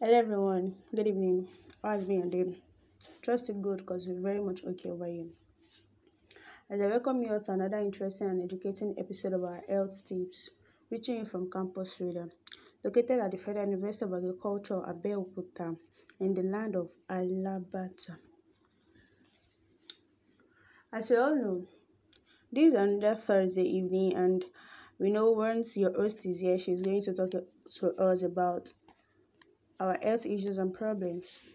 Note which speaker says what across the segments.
Speaker 1: Hello everyone, good evening. How's being and day? Trust you good because we're very much okay over here. As I welcome you all to another interesting and educating episode of our health tips, reaching you from Campus Reader, located at the Federal University of Agriculture, Abeokuta, in the land of Alabata. As we all know, this is another Thursday evening, and we know once your host is here, she's going to talk to us about our health issues and problems.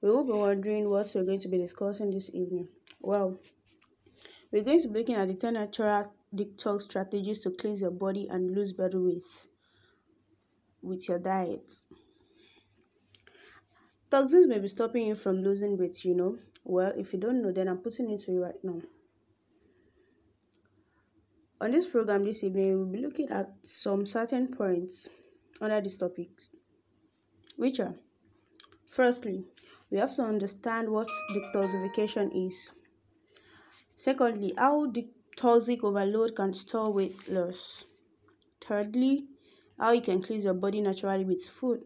Speaker 1: We will be wondering what we're going to be discussing this evening. Well, we're going to be looking at the 10 natural detox strategies to cleanse your body and lose body weight with your diet. Toxins may be stopping you from losing weight, you know. Well, if you don't know, then I'm putting it to you right now. On this program this evening, we'll be looking at some certain points under this topic are Firstly, we have to understand what detoxification is. Secondly, how the toxic overload can store weight loss. Thirdly, how you can cleanse your body naturally with food.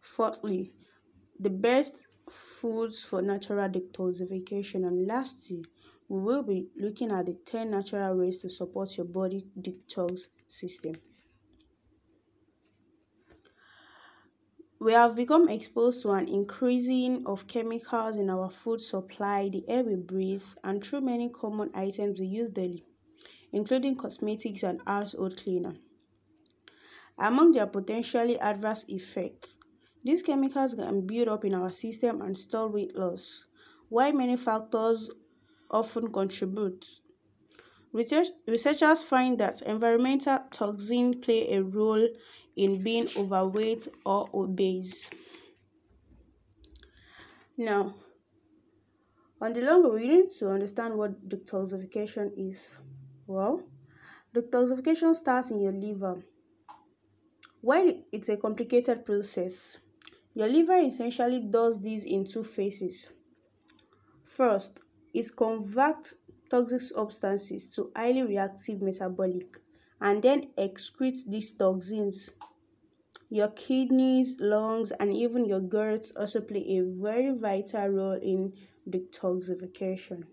Speaker 1: Fourthly, the best foods for natural detoxification. And lastly, we will be looking at the 10 natural ways to support your body detox system. We have become exposed to an increasing of chemicals in our food supply, the air we breathe and through many common items we use daily, including cosmetics and household cleaner. Among their potentially adverse effects, these chemicals can build up in our system and store weight loss, while many factors often contribute Researchers find that environmental toxins play a role in being overweight or obese. Now, on the long run, we need to understand what detoxification is. Well, detoxification starts in your liver. While it's a complicated process, your liver essentially does this in two phases. First, it converts toxic substances to highly reactive metabolic and then excrete these toxins. Your kidneys, lungs, and even your guts also play a very vital role in detoxification.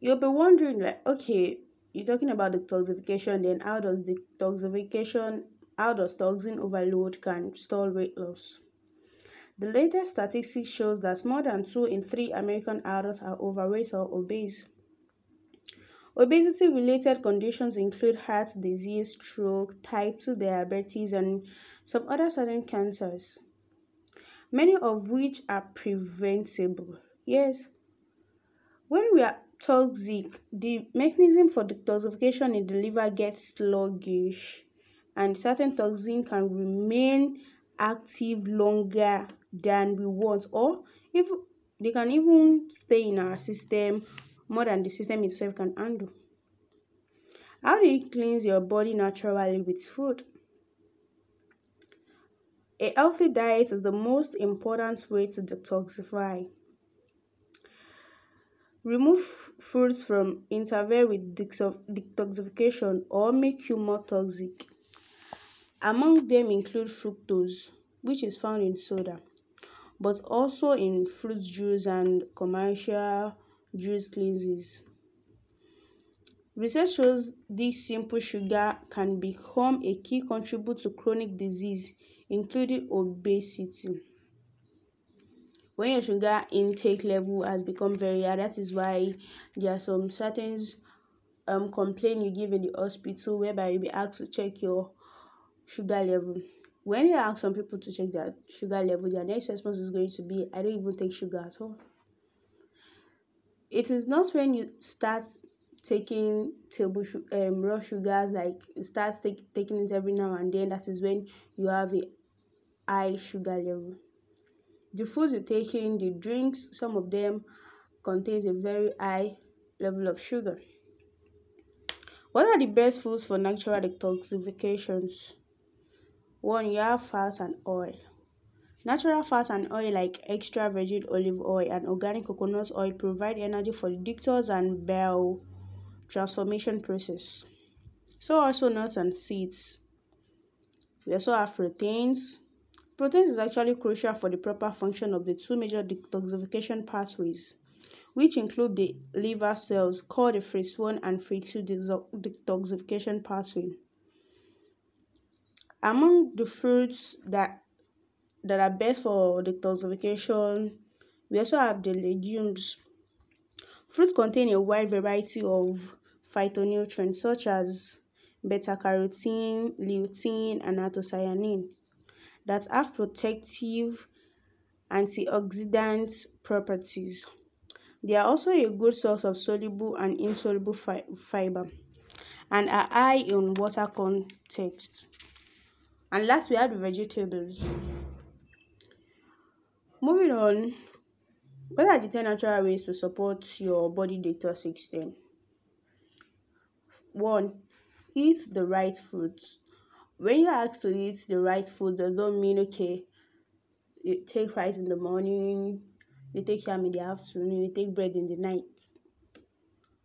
Speaker 1: You'll be wondering, like, okay, you're talking about detoxification, then how does detoxification, how does toxin overload can stall weight loss? The latest statistics shows that more than two in three American adults are overweight or obese. Obesity-related conditions include heart disease, stroke, type 2 diabetes, and some other certain cancers, many of which are preventable. Yes, when we are toxic, the mechanism for detoxification in the liver gets sluggish, and certain toxins can remain active longer than we want or if they can even stay in our system more than the system itself can handle. How do you cleanse your body naturally with food? A healthy diet is the most important way to detoxify. Remove foods from interfere with detoxification or make you more toxic. Among them include fructose, which is found in soda but also in fruit juice and commercial juice cleanses. Research shows this simple sugar can become a key contributor to chronic disease, including obesity. When your sugar intake level has become very high, that is why there are some certain um, complaint you give in the hospital whereby you'll be asked to check your sugar level. When you ask some people to check their sugar level, their next response is going to be, I don't even take sugar at all. It is not when you start taking table su- um, raw sugars, like start take, taking it every now and then, that is when you have a high sugar level. The foods you're taking, the drinks, some of them contains a very high level of sugar. What are the best foods for natural detoxifications? One, you have fats and oil. Natural fats and oil like extra virgin olive oil and organic coconut oil provide energy for the detox and bile transformation process. So also nuts and seeds. We also have proteins. Proteins is actually crucial for the proper function of the two major detoxification pathways, which include the liver cells called the phase 1 and free 2 detoxification pathway. Among the fruits that that are best for detoxification, we also have the legumes. Fruits contain a wide variety of phytonutrients such as beta carotene, lutein, and anthocyanin that have protective antioxidant properties. They are also a good source of soluble and insoluble fi- fiber and are high in water content. And last, we had vegetables. Moving on, what are the 10 natural ways to support your body data system? One, eat the right foods. When you ask to eat the right food, do not mean okay, you take rice in the morning, you take yam in the afternoon, you take bread in the night.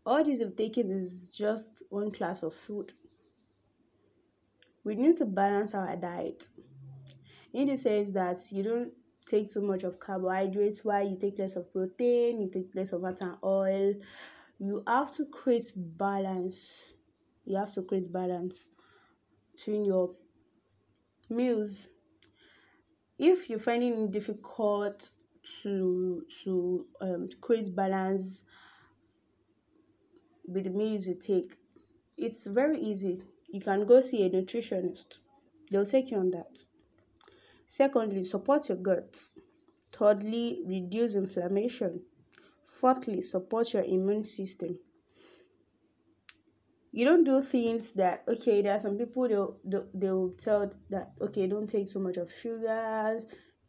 Speaker 1: All this you've taken is just one class of food we need to balance our diet in the sense that you don't take too much of carbohydrates while you take less of protein, you take less of fat and oil. You have to create balance. You have to create balance between your meals. If you're finding it difficult to to um, create balance with the meals you take, it's very easy you can go see a nutritionist. They'll take you on that. Secondly, support your gut. Thirdly, reduce inflammation. Fourthly, support your immune system. You don't do things that okay. There are some people they'll, they'll, tell that okay, don't take too much of sugar,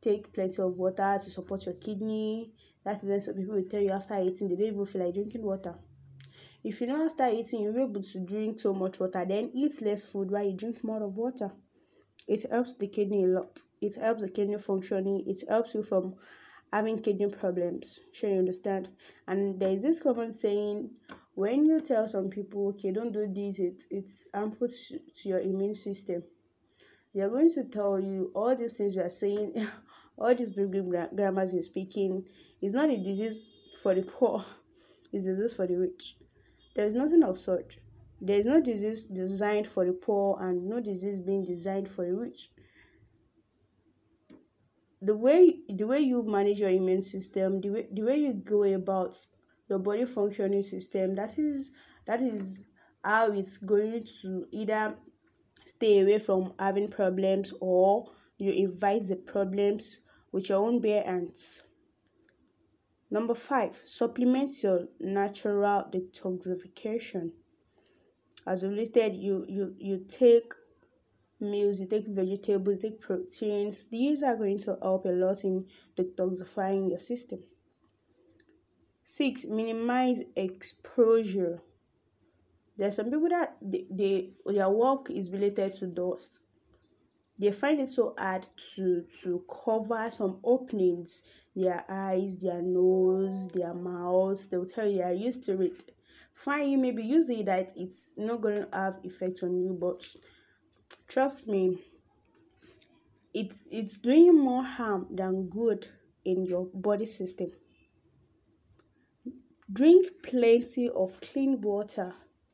Speaker 1: take plenty of water to support your kidney. That is when some people will tell you after eating they don't even feel like drinking water. If you know after eating you are able to drink so much water, then eat less food while you drink more of water. It helps the kidney a lot. It helps the kidney functioning. It helps you from having kidney problems. Sure you understand. And there's this common saying when you tell some people, okay, don't do this, it, it's harmful to, to your immune system. They're going to tell you all these things you are saying, all these big, big grammars you're speaking. It's not a disease for the poor, it's a disease for the rich. There is nothing of such. There is no disease designed for the poor and no disease being designed for the rich. The way the way you manage your immune system, the way the way you go about your body functioning system, that is that is how it's going to either stay away from having problems or you invite the problems with your own bare hands. Number five, supplement your natural detoxification. As we listed, you you you take meals, you take vegetables, you take proteins. These are going to help a lot in detoxifying your system. Six, minimize exposure. There's some people that they, they their work is related to dust. They find it so hard to to cover some openings their eyes, their nose, their mouth. They'll tell you they are used to it. Fine, you may be using that it's not going to have effect on you, but trust me, it's it's doing more harm than good in your body system. Drink plenty of clean water.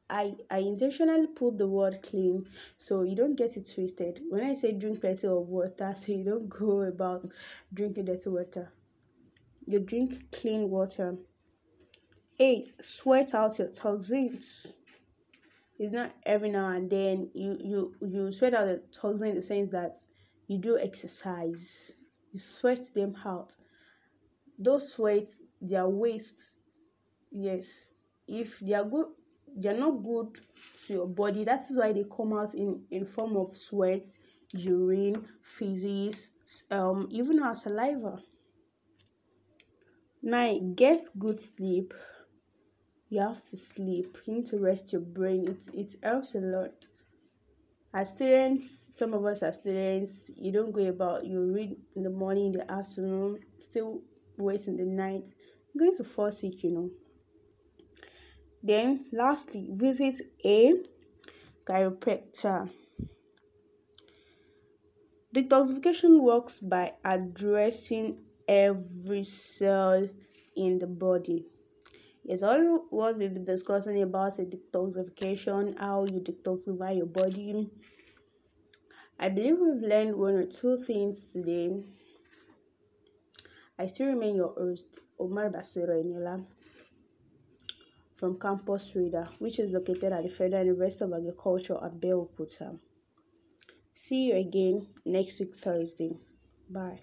Speaker 1: I, I intentionally put the word clean so you don't get it twisted. When I say drink plenty of water, so you don't go about drinking dirty water you drink clean water. 8. Sweat out your toxins. It's not every now and then you, you, you sweat out the toxins in the sense that you do exercise, you sweat them out. Those sweats, they are waste. Yes. If they are good, they are not good to your body. That is why they come out in, in form of sweat, urine, feces, um, even our saliva. 9. Get good sleep. You have to sleep. You need to rest your brain. It, it helps a lot. As students, some of us are students, you don't go about, you read in the morning, in the afternoon, still wait in the night. You're going to fall sick, you know. Then, lastly, visit a chiropractor. Detoxification works by addressing every cell in the body. Yes, all what we've been discussing about is detoxification, how you detoxify your body. I believe we've learned one or two things today. I still remain your host, Omar Basiro Enela, from Campus Reader, which is located at the Federal University of Agriculture at Beokuta. See you again next week, Thursday. Bye.